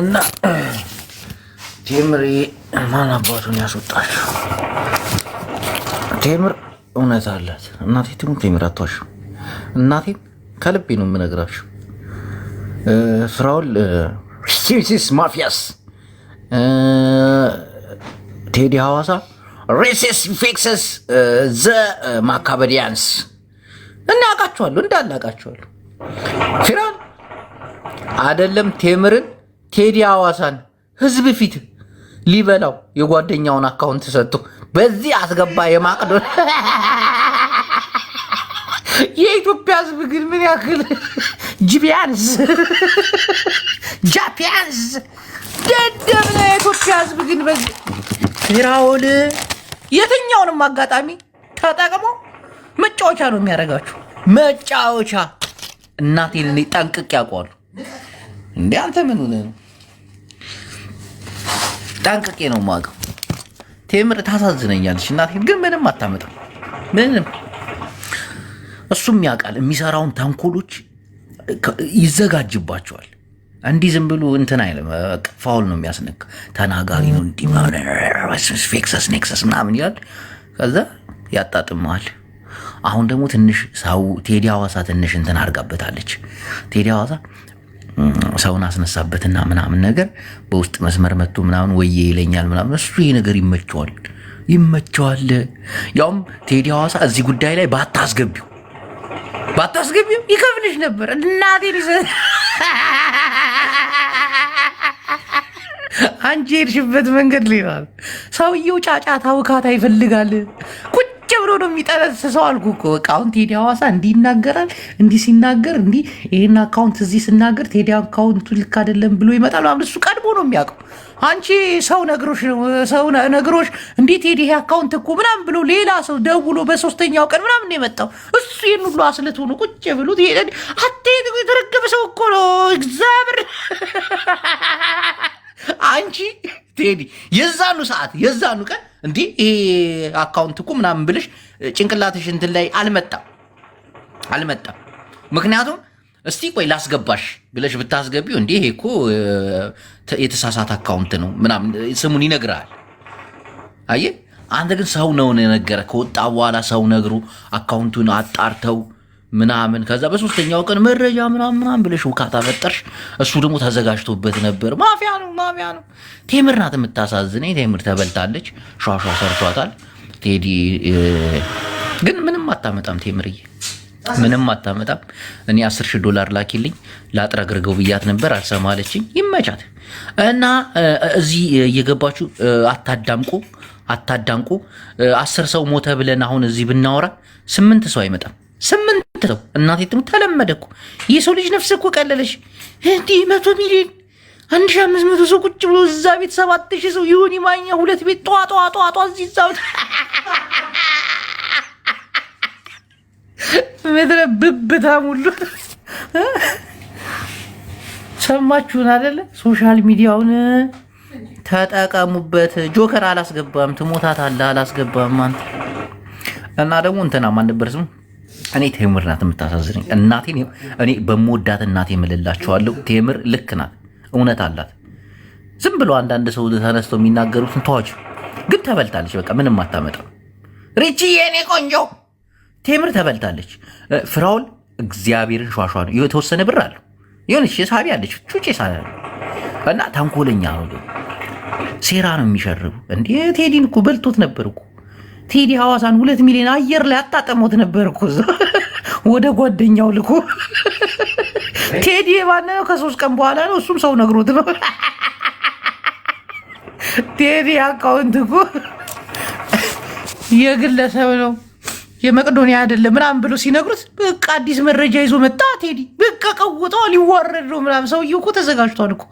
እና ቴምር ማን አባቱን ያስወጣችሁ? ቴምር እውነት አላት። እናቴ ትሙት ቴምር አትዋሽም። እናቴም ከልቤ ነው የምነግራችሁ። ፍራውል ሲሲስ ማፊያስ ቴዲ ሐዋሳ ሬሴስ ፌክሰስ ዘ ማካበዲያንስ እናውቃችኋለሁ፣ እንዳላውቃችኋለሁ። ፊራን አይደለም ቴምርን ቴዲ ሐዋሳን ህዝብ ፊት ሊበላው የጓደኛውን አካውንት ሰጥቶ በዚህ አስገባ። የማቅዶ የኢትዮጵያ ህዝብ ግን ምን ያክል ጂቢያንስ ጃፒያንስ ደደብ ነው። የኢትዮጵያ ህዝብ ግን በዚህ ፊራውል የትኛውንም አጋጣሚ ተጠቅሞ መጫወቻ ነው የሚያደርጋችሁ፣ መጫወቻ እናቴን ጠንቅቅ ያውቀዋሉ። እንዴ አንተ ምን ሆነህ ነው? ጠንቅቄ ነው የማውቀው። ቴምር ታሳዝነኛለች። እናቴ ግን ምንም አታመጣም። ምንም እሱም ያውቃል። የሚሰራውን ተንኮሎች ይዘጋጅባቸዋል። እንዲህ ዝም ብሎ እንትን አይልም። ፋውል ነው የሚያስነካ ተናጋሪ ነው። እንዲፌክሰስ ኔክሰስ ምናምን ይላል። ከዛ ያጣጥመዋል። አሁን ደግሞ ትንሽ ሰው ቴዲ ሐዋሳ ትንሽ እንትን አድርጋበታለች። ቴዲ ሐዋሳ ሰውን አስነሳበትና ምናምን ነገር በውስጥ መስመር መጥቶ ምናምን ወዬ ይለኛል ምናምን። እሱ ይሄ ነገር ይመቸዋል ይመቸዋል። ያውም ቴዲ ሐዋሳ እዚህ ጉዳይ ላይ ባታስገቢው ባታስገቢው ይከፍልሽ ነበር እናቴ አንቺ ሄድሽበት መንገድ ሌላል። ሰውየው ጫጫታ ውካታ ይፈልጋል። ቁጭ ብሎ ነው የሚጠነስሰው። አልኩ እኮ በቃ አሁን ቴዲ ሐዋሳ እንዲህ ይናገራል። እንዲህ ሲናገር እንዲህ ይህን አካውንት እዚህ ስናገር ቴዲ አካውንቱ ልክ አይደለም ብሎ ይመጣል ምናምን። እሱ ቀድሞ ነው የሚያውቀው። አንቺ ሰው ነግሮሽ ሰው ነግሮሽ እንዴት ሄድ ይሄ አካውንት እኮ ምናምን ብሎ ሌላ ሰው ደውሎ በሶስተኛው ቀን ምናምን የመጣው። እሱ ይህን ሁሉ አስለት ሆኖ ቁጭ ብሉት አቴ የተረገበ ሰው እኮ ነው እግዚአብሔር አንቺ ቴዲ የዛኑ ሰዓት የዛኑ ቀን እንዲህ ይሄ አካውንት እኮ ምናምን ብልሽ ጭንቅላትሽ እንትን ላይ አልመጣም አልመጣም። ምክንያቱም እስቲ ቆይ ላስገባሽ ብለሽ ብታስገቢው እንዲህ ይሄ እኮ የተሳሳተ አካውንት ነው ምናምን ስሙን ይነግራል። አየህ አንተ ግን ሰው ነው የነገረ። ከወጣ በኋላ ሰው ነግሩ አካውንቱን አጣርተው ምናምን ከዛ በሶስተኛው ቀን መረጃ ምናምን ምናምን ብለሽ ውካታ ፈጠርሽ። እሱ ደግሞ ተዘጋጅቶበት ነበር። ማፊያ ነው ማፊያ ነው። ቴምር ናት የምታሳዝነኝ። ቴምር ተበልታለች። ሿ ሰርቷታል። ቴዲ ግን ምንም አታመጣም። ቴምርዬ ምንም አታመጣም። እኔ አስር ሺህ ዶላር ላኪልኝ ላጥረግርገው ብያት ነበር፣ አልሰማለችኝ። ይመቻት እና እዚህ እየገባችሁ አታዳምቁ አታዳምቁ። አስር ሰው ሞተ ብለን አሁን እዚህ ብናወራ ስምንት ሰው አይመጣም ስምንት ትለው እናቴ ትሙ ተለመደ እኮ የሰው ልጅ ነፍስ እኮ ቀለለሽ። እንዲህ መቶ ሚሊዮን አንድ ሺህ አምስት መቶ ሰው ቁጭ ብሎ እዛ ቤት ሰባት ሺህ ሰው ይሁን ማኛ ሁለት ቤት ጠዋ ጠዋ ጠዋ ጠዋ እዚህ እዛ ምድረ ብብታ ሙሉ ሰማችሁን አይደለ? ሶሻል ሚዲያውን ተጠቀሙበት። ጆከር አላስገባም ትሞታት አለ አላስገባም። አንተ እና ደግሞ እንትና ማን ነበር ስሙ እኔ ቴምር ናት የምታሳዝነኝ። እናቴን እኔ በምወዳት እናቴ እምልላችኋለሁ፣ ቴምር ልክ ናት፣ እውነት አላት። ዝም ብሎ አንዳንድ ሰው ተነስቶ የሚናገሩትን ተዋችሁ፣ ግን ተበልታለች። በቃ ምንም አታመጣም። ሪቺ የኔ ቆንጆ ቴምር ተበልታለች። ፍራውል እግዚአብሔርን ሸሿ ነው። የተወሰነ ብር አለ የሆነች የሳቢ አለች ጩጭ ሳ እና ተንኮለኛ ነው፣ ሴራ ነው የሚሸርቡ። እንዴ ቴዲን እኮ በልቶት ነበር እኮ ቴዲ ሐዋሳን ሁለት ሚሊዮን አየር ላይ አጣጠሞት ነበር እኮ እዛ ወደ ጓደኛው ልኮ ቴዲ የባነው ከሶስት ቀን በኋላ ነው። እሱም ሰው ነግሮት ነው። ቴዲ አካውንት እኮ የግለሰብ ነው የመቅዶኒያ አይደለም ምናምን ብሎ ሲነግሩት በቃ አዲስ መረጃ ይዞ መጣ ቴዲ። በቃ ቀውጠው ሊዋረድ ነው ምናምን። ሰውዬው እኮ ተዘጋጅቷል እኮ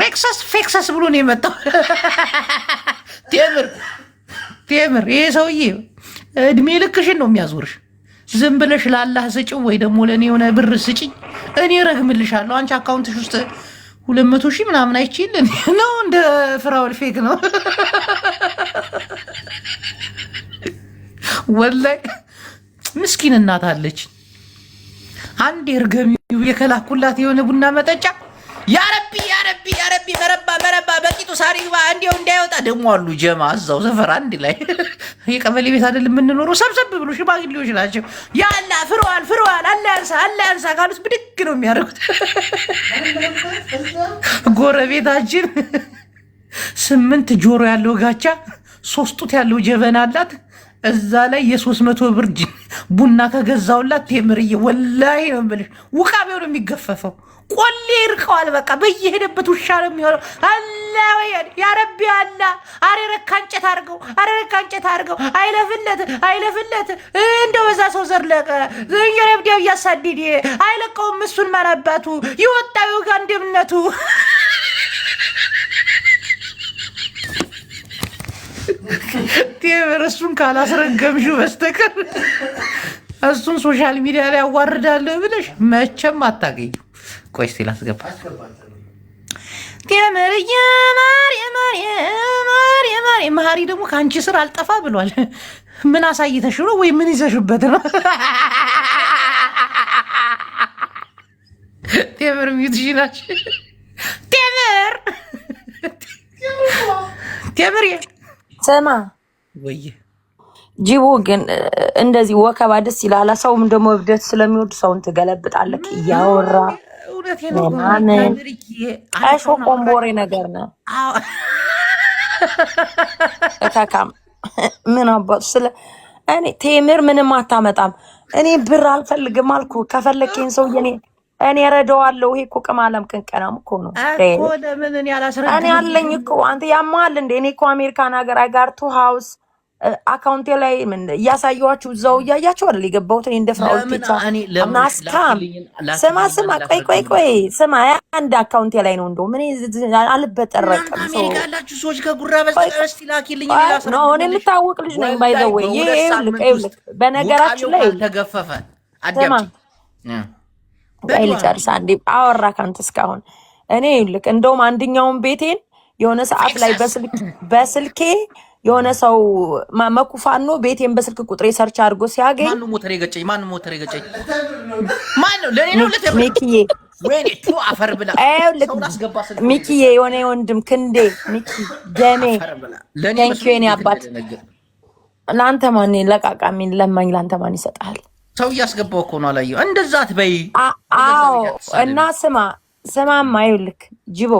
ሬክሰስ ፌክሰስ ብሎ ነው የመጣው ቴምር ቴምር ይሄ ሰውዬ እድሜ ልክሽን ነው የሚያዞርሽ። ዝም ብለሽ ላላህ ስጭው ወይ ደግሞ ለእኔ የሆነ ብር ስጭኝ እኔ ረግምልሻለሁ። አንቺ አካውንትሽ ውስጥ ሁለት መቶ ሺህ ምናምን አይችልን ነው እንደ ፍራውል ፌክ ነው ወላይ ምስኪን እናት አለች። አንድ እርገሚው የከላኩላት የሆነ ቡና መጠጫ ያረቢ ያረቢ ያረቢ መረባ መረባ ውስጡ ሳር ይግባ እንዲው እንዳይወጣ ደግሞ አሉ ጀማ እዛው ሰፈር አንድ ላይ የቀበሌ ቤት አይደል የምንኖረው። ሰብሰብ ብሎ ሽማግሌዎች ናቸው። ያላ ፍረዋል ፍረዋል አላ ያንሳ አላ ያንሳ ካሉት ብድግ ነው የሚያደርጉት። ጎረቤታችን ስምንት ጆሮ ያለው ጋቻ ሶስት ጡት ያለው ጀበና አላት። እዛ ላይ የሶስት መቶ ብር ቡና ከገዛውላት ቴምርዬ ወላሂ ነው የምልሽ፣ ውቃቤው ነው የሚገፈፈው። ቆሌ ይርቀዋል። በቃ በየሄደበት ውሻ ነው የሚሆነው። አላ ወይ ያረቢ አላ አሬ ረካ እንጨት አርገው፣ አሬ ረካ እንጨት አርገው። አይለፍለት አይለፍለት። እንደ በዛ ሰው ዘርለቀ ዘየረብዲያው እያሳድድ አይለቀውም። እሱን ማናባቱ ይወጣዊ ጋር ቴምር እሱን ካላስረገምሽው በስተቀር እሱን ሶሻል ሚዲያ ላይ ያዋርዳለሁ ብለሽ መቼም አታገኙ። ቆይ እስኪ ላስገባ። ቴምርዬ መሀሪ ደግሞ ከአንቺ ስር አልጠፋ ብሏል። ምን አሳይተሽ ነው ወይ ምን ይዘሽበት ነው? ቴምር ሚዩትሽናሽ ቴምር ቴምር ስማ ወይ ጅቦ ግን እንደዚህ ወከባ ደስ ይላል። ሰውም ደግሞ እብደት ስለሚወድ ሰውን ትገለብጣለህ እያወራ ምናምን ቀሾ ቆምቦሬ ነገር ነው። እካካም ምን አባቱ ስለ እኔ ቴምር ምንም አታመጣም። እኔ ብር አልፈልግም አልኩ። እኔ ረዳዋለሁ። ይሄ እኮ ቅማለም ቅንቀናም እኮ ነው። እኔ አለኝ እኮ አንተ ያማል እንደ እኔ እኮ አሜሪካን ሀገር ቱ ሀውስ አካውንቴ ላይ እያሳየኋችሁ እዛው እያያችሁ አይደል የገባሁት እኔ እንደ ፍራውልናስካም ስማ ስማ ቆይ ቆይ ቆይ ስማ አንድ አካውንቴ ላይ ነው። እንደውም እኔ አልበጠረቅም። እኔ የምታወቅ ልጅ ነኝ። ባይዘወይ ይህ ይኸውልህ፣ በነገራችን ላይ ተገፈፈ ቆይ ልጨርስ አንዴ። አወራ ካንተ እስካሁን እኔ ይልክ እንደውም አንድኛውን ቤቴን የሆነ ሰዓት ላይ በስልኬ የሆነ ሰው መኩፋን ነው ቤቴን በስልክ ቁጥሬ ሰርች አድርጎ ሲያገኝ ማን ሞተር የገጨኝ? ማን ሞተር የገጨኝ? ማን ነው? ለኔ ነው ለተብሎ ሚኪዬ ወይኔ ቱ አፈር ብላ ሚኪዬ የሆነ ወንድም ክንዴ ሚኪ ደሜ ቴንኪዩ የኔ አባት። ለአንተ ማን ለቃቃሚን ለማኝ ለአንተ ማን ይሰጣል? ሰው እያስገባው እኮ ነው አላየሁ። እንደዛ ትበይ። አዎ እና ስማ ስማማ ይኸውልህ ጅቦ፣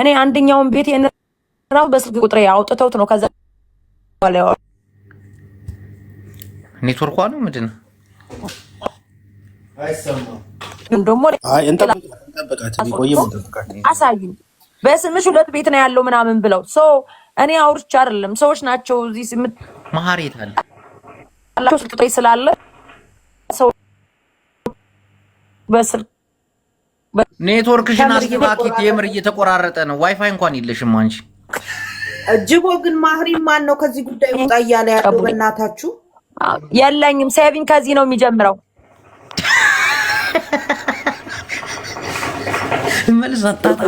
እኔ አንደኛውን ቤት የነራው በስልክ ቁጥሬ አውጥተውት ነው። ከዛ ኔትወርኳ ነው ምንድን አሳዩኝ። በስምሽ ሁለት ቤት ነው ያለው ምናምን ብለው ሰው እኔ አውርቼ አይደለም ሰዎች ናቸው እዚህ ስምት መሀሬት አለ ስልክ ቁጥሬ ስላለ ሰው በስልክ ኔትወርክሽን አስተካኪት። የምር እየተቆራረጠ ነው። ዋይፋይ እንኳን የለሽም አንቺ። እጅቦ ግን ማህሪን ማን ነው ከዚህ ጉዳይ ውጣ እያለ ያለው? በእናታችሁ የለኝም። ሴቪን ከዚህ ነው የሚጀምረው። መልስ አጣጣ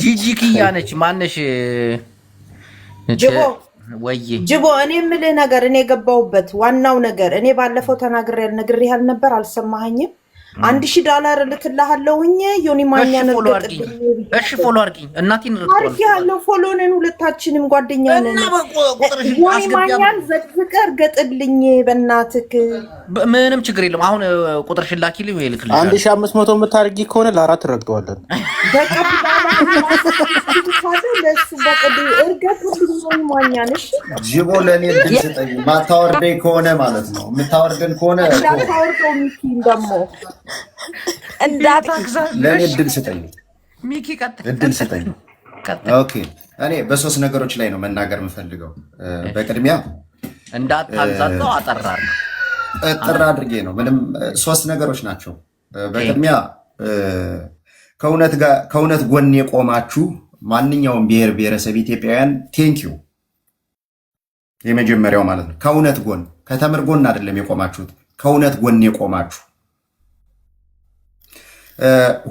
ጂጂ ኪያ ነች። ማነሽ ጅቦ ወይ ጅቦ፣ እኔ የምልህ ነገር እኔ የገባሁበት ዋናው ነገር እኔ ባለፈው ተናግሬ ነግሬህ አልነበር? አልሰማኸኝም? አንድ ሺህ ዳላር ልክልሃለሁኝ ዮኒ ማኛ እሺ ፎሎ አድርጊኝ እናቴን አርግ ያለው ፎሎ ነን ሁለታችንም ጓደኛ ነን። ዮኒ ማኛን ዘቅዝቀ እርገጥልኝ በእናትክ። ምንም ችግር የለም። አሁን ቁጥር ሽላኪ ወይ ልክልኝ። አንድ ሺህ አምስት መቶ የምታደርጊ ከሆነ ለአራት እረግጠዋለን። ጅቦ ለእኔ ድል ስጠኝ። ማታወርደኝ ከሆነ ማለት ነው የምታወርደን ከሆነ ለእኔ እድል ስጠኝ፣ እድል ስጠኝ። ኦኬ፣ እኔ በሶስት ነገሮች ላይ ነው መናገር የምፈልገው። በቅድሚያ እንዳታዛው ጥር አድርጌ ነው ምንም ሶስት ነገሮች ናቸው። በቅድሚያ ከእውነት ጎን የቆማችሁ ማንኛውም ብሔር ብሔረሰብ ኢትዮጵያውያን ቴንኪዩ። የመጀመሪያው ማለት ነው ከእውነት ጎን ከተምር ጎን አይደለም የቆማችሁት፣ ከእውነት ጎን የቆማችሁ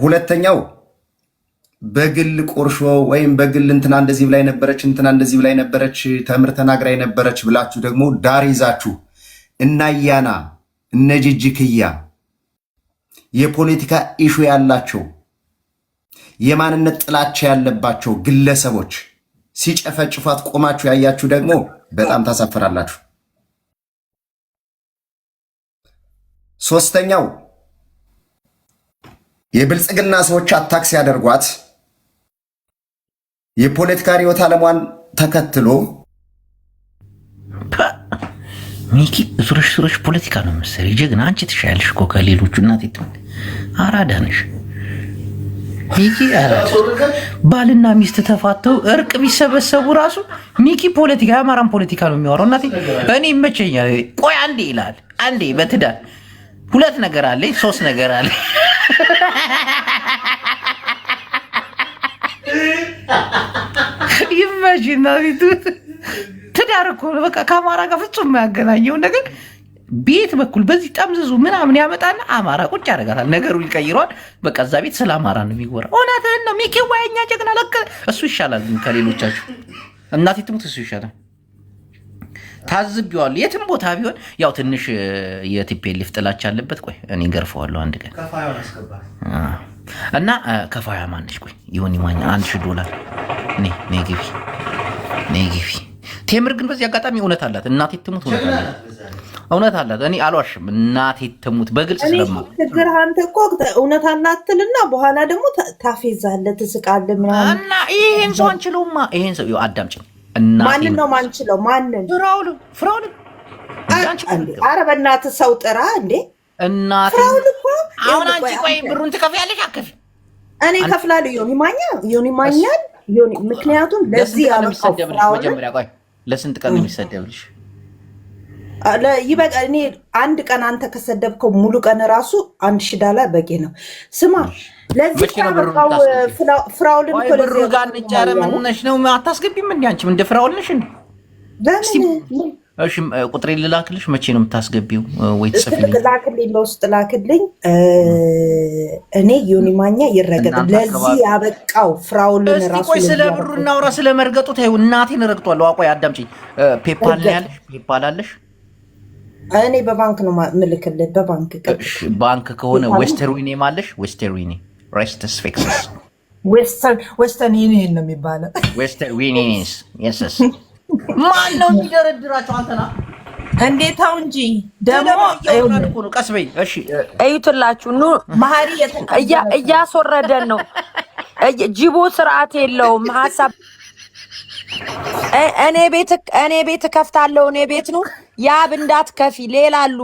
ሁለተኛው በግል ቁርሾ ወይም በግል እንትና እንደዚህ ብላይ ነበረች፣ እንትና እንደዚህ ብላይ ነበረች፣ ተምር ተናግራይ ነበረች ብላችሁ ደግሞ ዳር ይዛችሁ እናያና እነጅጅክያ የፖለቲካ ኢሹ ያላቸው የማንነት ጥላቻ ያለባቸው ግለሰቦች ሲጨፈጭፏት ቆማችሁ ያያችሁ ደግሞ በጣም ታሳፍራላችሁ። ሶስተኛው የብልጽግና ሰዎች አታክ ሲያደርጓት የፖለቲካ ሪዮት አለሟን ተከትሎ ሚኪ ሱሮች ሱሮች ፖለቲካ ነው መሰለኝ። ጀግና አንቺ ትሻያለሽ እኮ ከሌሎቹ እናት ትምህርት አራዳ ነሽ። ሚኪ ባልና ሚስት ተፋተው እርቅ ቢሰበሰቡ ራሱ ሚኪ ፖለቲካ የአማራን ፖለቲካ ነው የሚያወራው። እናት እኔ ይመቸኛል። ቆይ አንዴ ይላል አንዴ በትዳር ሁለት ነገር አለ ሶስት ነገር አለ ይመሽ እና ትዳር እኮ በቃ ከአማራ ጋር ፍጹም የማያገናኘውን ነገር ቤት በኩል በዚህ ጠምዝዙ ምናምን ያመጣና አማራ ቁጭ ያደርጋታል። ነገሩን ይቀይረዋል። በቃ እዛ ቤት ስለ አማራ ነው የሚወራ። እውነትህን ነው ሚኪ፣ ዋየኛ ጀግና። ለክ እሱ ይሻላል ከሌሎቻችሁ። እናቴ ትሙት እሱ ይሻላል። ታዝቢዋለሁ። የትም ቦታ ቢሆን ያው ትንሽ የቲፔሊፍ ጥላቻ አለበት። ቆይ እኔ ገርፈዋለሁ አንድ ቀን እና ከፋያ ማነች? ቆይ ይሁን ማኛ አንድ ሺህ ዶላር ግቢ ግቢ። ቴምር ግን በዚህ አጋጣሚ እውነት አላት፣ እናቴ ትሙት እውነት አላት። እኔ አልዋሽም፣ እናቴ ትሙት በግልጽ ስለማ ችግር አንተ እኮ እውነት አላት ትልና በኋላ ደግሞ ታፌዛለ ትስቃለ ምናምን እና ይሄን ሰው አንችለውማ። ይሄን ሰው አዳምጪኝ ማንን ነው ማንችለው? ማንን? አረ ሰው ጥራ እንዴ! ፍራውል እኮ አሁን አንቺ ቆይ ብሩን ትከፍያለሽ? አከፍ እኔ ዮኒ ማኛ ዮኒ ማኛል ዮኒ። ምክንያቱም ለዚህ ለስንት ቀን የሚሰደብልሽ ይበቃ። እኔ አንድ ቀን አንተ ከሰደብከው ሙሉ ቀን ራሱ አንድ ሺህ ዳላር በቂ ነው። ስማ ለዚህ ያበቃው ፍራውልን ብሩ ጋር እንጫረ ምንነሽ ነው አታስገቢም? እንዲ አንቺም እንደ እንዲ ቁጥሬ ልላክልሽ። መቼ ነው የምታስገቢው? ወይ ትጽፊልኝ? ላክልኝ፣ በውስጥ ላክልኝ። እኔ ዮኒ ማኛ ይረገጥ። ለዚህ ያበቃው ፍራውልን ራሱ። ቆይ ስለ ብሩ እናውራ፣ ስለ መርገጡ እናቴን ረግጧለሁ። አቆይ አዳምጪኝ። ፔፓል ያለሽ ፔፓል አለሽ? እኔ በባንክ ነው ምልክልን፣ በባንክ ባንክ ከሆነ ዌስተር ማለሽ ዌስተር ሬስትስ ፊክስስ ዌስተርን ዩኒየን ነው የሚባለው። ዌስተርን ዩኒየንስ የስስ ማን ነው የሚደረድራቸው? አንተና እንዴት እንጂ ደግሞ ቀስ በይ እሺ። እዩትላችሁ ኑ መሀሪ እያስወረደን ነው። ጅቦ ስርዓት የለውም ሀሳብ እኔ ቤት እኔ ቤት ከፍታለሁ። እኔ ቤት ነው ያብ እንዳትከፊ ሌላሉ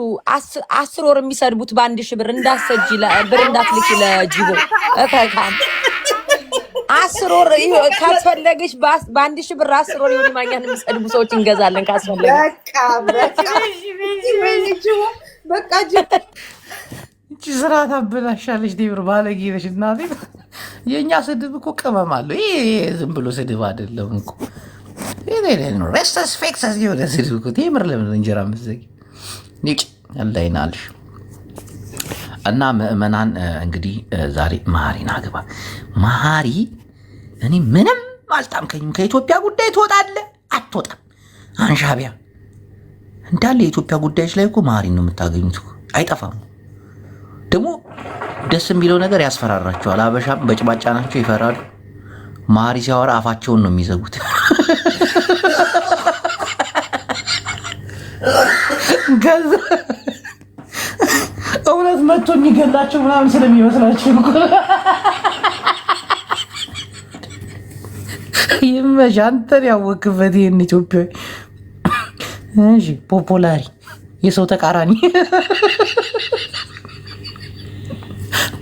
አስር ወር የሚሰድቡት በአንድ ሺህ ብር እንዳትሰጂ ብር እንዳትልኪ ለጅቦ እከካም አስር ወር ካስፈለግሽ በአንድ ሺህ ብር አስር ወር የሆነ ማኛን የሚሰድቡ ሰዎች እንገዛለን ካስፈለግሽ በቃ ስራ ታበላሻለች። ዴብር ባለጌ ነሽ እናቴ የእኛ ስድብ እኮ ቅመም አለው። ይሄ ዝም ብሎ ስድብ አይደለም እኮ ሬስፐክት የሆነ ስድብ እኮ ምር ለምን እንጀራ ምዘጊ አላይናልሽ እና ምእመናን እንግዲህ ዛሬ መሀሪን አግባ። መሀሪ እኔ ምንም አልጣምከኝም። ከኢትዮጵያ ጉዳይ ትወጣለህ አትወጣም። አንሻቢያ እንዳለ የኢትዮጵያ ጉዳዮች ላይ እኮ መሀሪን ነው የምታገኙት፣ አይጠፋም። ደግሞ ደስ የሚለው ነገር ያስፈራራቸዋል። አበሻም በጭባጫ ናቸው፣ ይፈራሉ። ማሪ ሲያወራ አፋቸውን ነው የሚዘጉት። እውነት መቶ የሚገላቸው ምናምን ስለሚመስላቸው ይመሽ አንተን ያወክበት ይህን ኢትዮጵያዊ ፖፖላሪ የሰው ተቃራኒ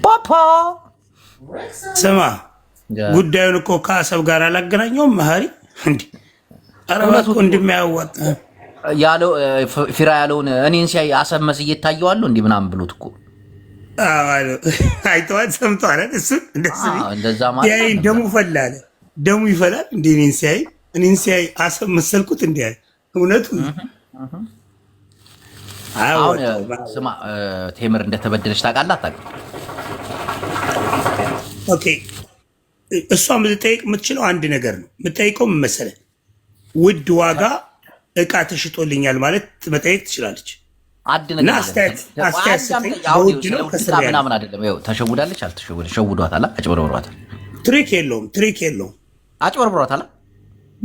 ፓፓ ስማ፣ ጉዳዩን እኮ ከአሰብ ጋር አላገናኘውም። መሀሪ እንዲ አረባት ወንድም ያዋጥ ያለው ፊራ ያለውን እኔን ሲያይ አሰብ መስዬ እታየዋለሁ እንዲህ ምናምን ብሎት እኮ አይተዋል፣ ሰምተዋል። እሱን እንደዚህ ደሙ ፈላለ ደሙ ይፈላል። እንዲ እኔን ሲያይ እኔን ሲያይ አሰብ መሰልኩት እንዲ እውነቱ አሁን ስማ ቴምር እንደተበደለች ታውቃለህ አታውቅም? ኦኬ እሷ የምትጠይቅ የምትችለው አንድ ነገር ነው። የምትጠይቀው ምን መሰለህ? ውድ ዋጋ እቃ ተሽጦልኛል ማለት መጠየቅ ትችላለች። እና ምናምን አይደለም። ይኸው ተሸውዳለች፣ አልተሸወደች፣ ሸውዷታል፣ አጭበርብሯታል። ትሪክ የለውም፣ ትሪክ የለውም፣ አጭበርብሯታል።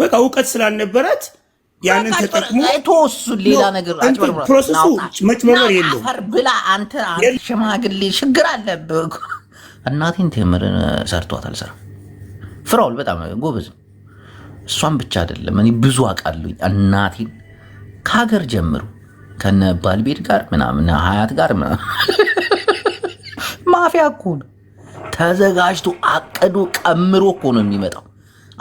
በቃ እውቀት ስላልነበራት ያንን ተጠቅሞ ተወሱን ሌላ ነገር አጭበርብራ ፕሮሰሱ መጭበርበር አፈር ብላ አንተ ሽማግሌ ችግር አለብህ። እናቴን ቴምር ሰርቷት አልሰራ ፍራውል በጣም ጎበዝ። እሷን ብቻ አይደለም እኔ ብዙ አውቃለሁኝ። እናቴን ከሀገር ጀምሩ ከነ ባልቤት ጋር ምናምን ሀያት ጋር ማፊያ እኮ ነው ተዘጋጅቶ አቅዶ ቀምሮ እኮ ነው የሚመጣው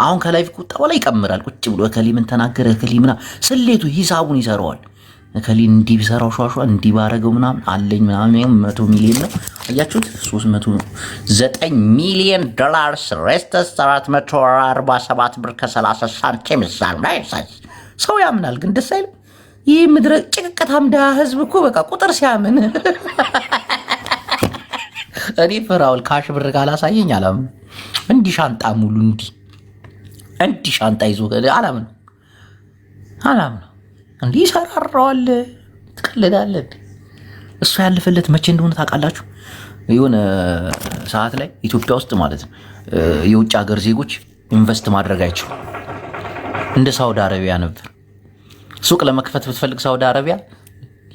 አሁን ከላይፍ ቁጣ ላይ ይቀምራል። ቁጭ ብሎ እከሌ ምን ተናገረ እከሌ ምና ስሌቱ ሂሳቡን ይሰራዋል። እከሌ እንዲህ ቢሰራው ሸዋሸዋ እንዲህ ባረገው ምናምን አለኝ ምናምን መቶ ሚሊዮን ነው አያችሁት፣ 309 ሚሊዮን ዶላርስ ሬስተስ አራት መቶ አርባ ሰባት ብር ከሰላሳ ሳንቲም ይዛል ና ሰው ያምናል፣ ግን ደስ አይልም። ይህ ምድረ ጭቅቅታም ድሃ ህዝብ እኮ በቃ ቁጥር ሲያምን እኔ ፍራውል ካሽ ብር ካላሳየኝ አላም እንዲህ ሻንጣ ሙሉ እንዲህ እንዲህ ሻንጣ ይዞ አላምን አላምን እንዲህ ይሰራራዋል። ትቀልዳለን። እሱ ያለፈለት መቼ እንደሆነ ታውቃላችሁ? የሆነ ሰዓት ላይ ኢትዮጵያ ውስጥ ማለት ነው የውጭ ሀገር ዜጎች ኢንቨስት ማድረግ አይችሉም። እንደ ሳውዲ አረቢያ ነበር። ሱቅ ለመክፈት ብትፈልግ ሳውዲ አረቢያ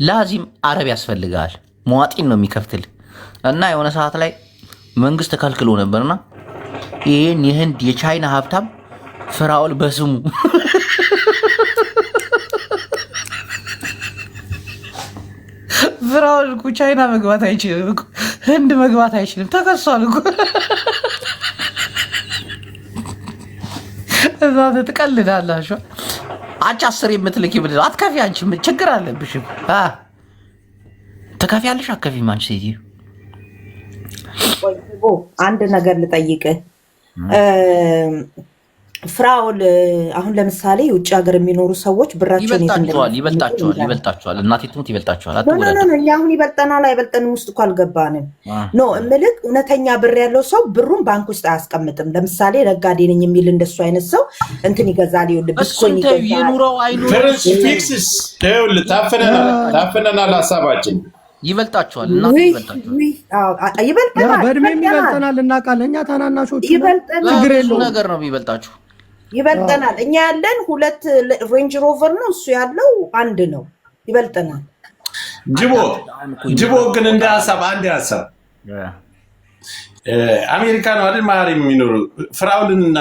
ላዚም አረብ ያስፈልግሃል። መዋጢን ነው የሚከፍትል እና የሆነ ሰዓት ላይ መንግስት ተከልክሎ ነበርና ይህን የህንድ የቻይና ሀብታም ፍራኦል በስሙ ፍራኦል እኮ ቻይና መግባት አይችልም፣ ህንድ መግባት አይችልም። ተከሷል እኮ እዛ ትቀልዳላችሁ። አንቺ አስር የምትልክ ብ አትከፊ። አንቺ ችግር አለብሽም። ተከፊያለሽ አትከፊም። ማንች ሴት አንድ ነገር ልጠይቅህ ፍራኦል አሁን ለምሳሌ ውጭ ሀገር የሚኖሩ ሰዎች ብራቸውን ይበልጣቸዋል ይበልጣቸዋል እናቴ ትሙት ይበልጣቸዋል እኛ አሁን ይበልጠናል አይበልጠንም ውስጥ እኮ አልገባንም ኖ እምልክ እውነተኛ ብር ያለው ሰው ብሩን ባንክ ውስጥ አያስቀምጥም ለምሳሌ ነጋዴ ነኝ የሚል እንደሱ አይነት ሰው እንትን ይገዛል ይኸውልህ ቢትኮይን ይገዛል ታፍነናል ሀሳባችን ይበልጣቸዋል ይበልጣቸዋል በእድሜም ይበልጠናል እናውቃለን እኛ ታናናሾች ይበልጠናል ነገር ነው የሚበልጣችሁ ይበልጠናል። እኛ ያለን ሁለት ሬንጅ ሮቨር ነው፣ እሱ ያለው አንድ ነው። ይበልጠናል። ጅቦ ጅቦ ግን እንደ ሀሳብ አንድ ሀሳብ አሜሪካ ነው አይደል? መሀሪ የሚኖሩ ፍራውልንና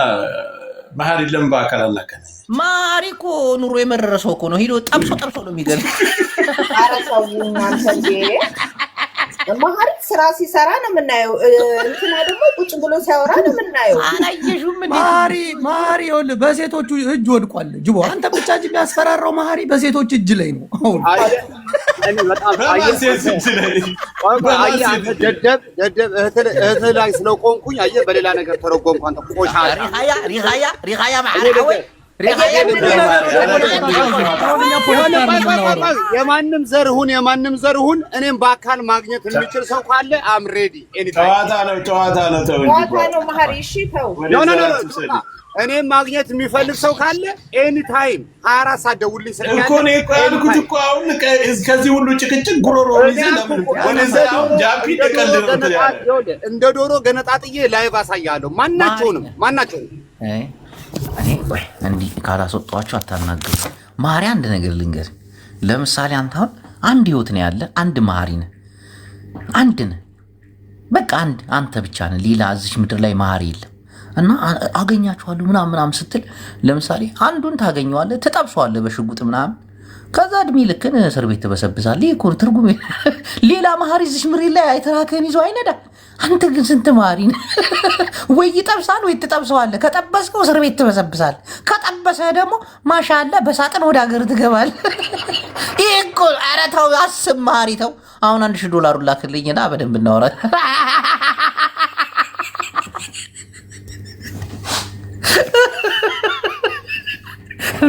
መሀሪ ለምን በአካል አላቀን? መሀሪ እኮ ኑሮ የመረረሰው እኮ ነው። ሂዶ ጠብሶ ጠብሶ ነው አረሰው የሚገርም ማህሪት ስራ ሲሰራ ነው የምናየው። እንትና ደግሞ ቁጭ ብሎ ሲያወራ ነው የምናየው። አላየሽውም? ማሪ ማሪ፣ ይኸውልህ በሴቶቹ እጅ ወድቋል። ጅቦ አንተ ብቻ እንጂ የሚያስፈራራው ማህሪ በሴቶች እጅ ላይ ነው። ደደብ ደደብ እህትህ ላይ ስለቆንኩኝ አየህ፣ በሌላ ነገር ተረጎምኩ። አንተ ቆሻ ሪሃያ ሪሃያ ማሪ ወይ የማንም ዘርሁን የማንም ሁን እኔም በአካል ማግኘት የሚችል ሰው ካለ አም ሬዲ ጨዋታ ነው፣ ጨዋታ ነው፣ ተው እኔም ማግኘት የሚፈልግ ሰው ካለ ኤኒ ታይም ሀያ አራት ሰዓት ደውልኝ እኮ እኔ እኮ ያልኩት እኮ አሁን ከዚህ ሁሉ ጭቅጭቅ ጉሮሮ እንደ ዶሮ ገነጣጥዬ ላይቭ አሳያለሁ ማናቸውንም ማናቸውንም እኔ እንዲህ ካላስወጣኋቸው አታናግሩ። ማሪ አንድ ነገር ልንገር። ለምሳሌ አንተ አሁን አንድ ህይወት ነው ያለ፣ አንድ ማሪ ነህ፣ አንድ ነህ፣ በቃ አንድ አንተ ብቻ ነህ። ሌላ እዚች ምድር ላይ ማሪ የለም። እና አገኛችኋለሁ ምናምን ምናምን ስትል ለምሳሌ አንዱን ታገኘዋለህ፣ ትጠብሰዋለህ በሽጉጥ ምናምን ከዛ እድሜ ልክን እስር ቤት ትበሰብሳለህ። ይህ እኮ ትርጉም ሌላ መሀሪ ዝሽ ምሪ ላይ አይተራክህን ይዞ አይነዳ። አንተ ግን ስንት መሀሪ ወይ ይጠብሳል ወይ ትጠብሰዋለህ። ከጠበስከው እስር ቤት ትበሰብሳለህ። ከጠበሰ ደግሞ ማሻላ በሳጥን ወደ ሀገር ትገባለህ። ይህ እኮ ኧረ ተው አስብ መሀሪ ተው። አሁን አንድ ሺህ ዶላሩ ላክልኝና በደንብ እናወራለን።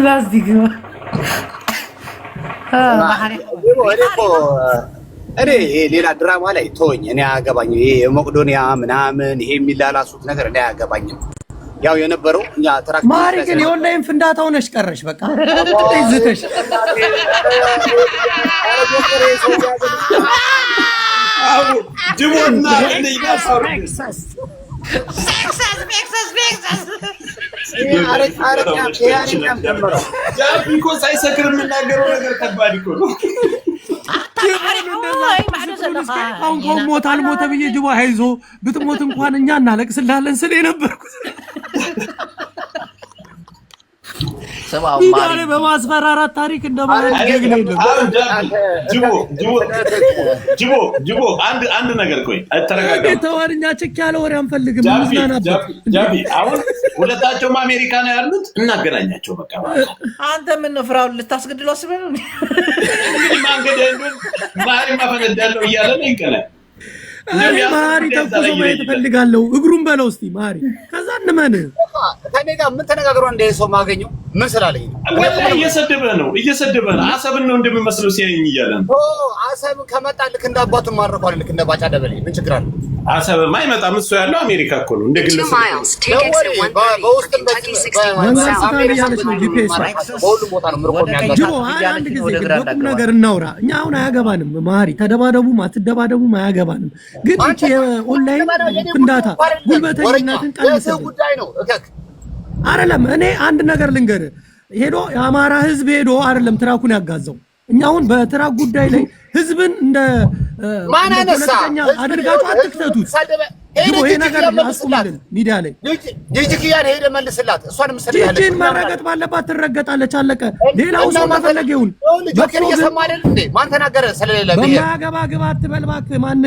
ላስቲክ እኔ ይሄ ሌላ ድራማ ላይ ተወኝ። እኔ አያገባኝም ይሄ የመቄዶንያ ምናምን ይሄ የሚላላሱት ነገር እኔ አያገባኝም። ያው የነበረው እኛ ትራክ ማሪ ግን የኦንላይን ፍንዳታ ሆነሽ ቀረሽ። በቃ ይዝተሽ ድቦና ሳይሰክር የምናገረው ነገር ሞት አልሞተ ብዬ ጅቦ አይዞህ ብትሞት እንኳን እኛ እናለቅስልሃለን ስለ የነበርኩት ሚዲያኔ በማስፈራራት ታሪክ እንደማለጅቦ አንድ ነገር ቆይ፣ ተዋርኛ ያለ ወሬ አንፈልግም። አሁን ሁለታቸውም አሜሪካ ነው ያሉት፣ እናገናኛቸው በቃ። አንተ ምን ፍራውን አስበህ ነው? ማንገድ እያለ ነው ማሪ ተኩሶ ማየት እፈልጋለሁ። እግሩን በለው እስኪ ማሪ ከዛ ለምን ከኔ ጋር ምን ተነጋግሮ እንደ ሰው ማገኘው ምን ስላለኝ ወላሂ እየሰደበህ ነው እየሰደበህ ነው አሰብን ነው እንደሚመስለው ሲያየኝ እያለ ነው አሰብ ከመጣ ልክ እንደ አባቱ ማረኳል ልክ እንደ ባጫ ደበሌ ምን ችግር አለ አሰብማ አይመጣም እሱ ያለው አሜሪካ እኮ ነው እንደ ግለሰብ ነገር እናውራ እኛ አሁን አያገባንም ማሪ ተደባደቡም አትደባደቡም አያገባንም ግን ይቺ ኦንላይን ፍንዳታ ጉልበተኝነትን ቀንሰ ጉዳይ ነው። እከክ አይደለም። እኔ አንድ ነገር ልንገር፣ ሄዶ የአማራ ህዝብ ሄዶ አይደለም ትራኩን ያጋዘው። እኛ አሁን በትራክ ጉዳይ ላይ ህዝብን እንደ ማን አነሳ አድርጋችሁ አትክተቱት። ይሄ ነገር አስቁምልን። ሚዲያ ላይ ጂጂክያን ሄደ መልስላት። እሷን ያለ ጂጂን መረገጥ ባለባት ትረገጣለች። አለቀ። ሌላው ሰው መፈለግ ይሁን። ጆኬር እየሰማ አይደል እንዴ? ማን ተናገረ? ስለሌለ በማያገባ ግባ አትበል እባክህ ማን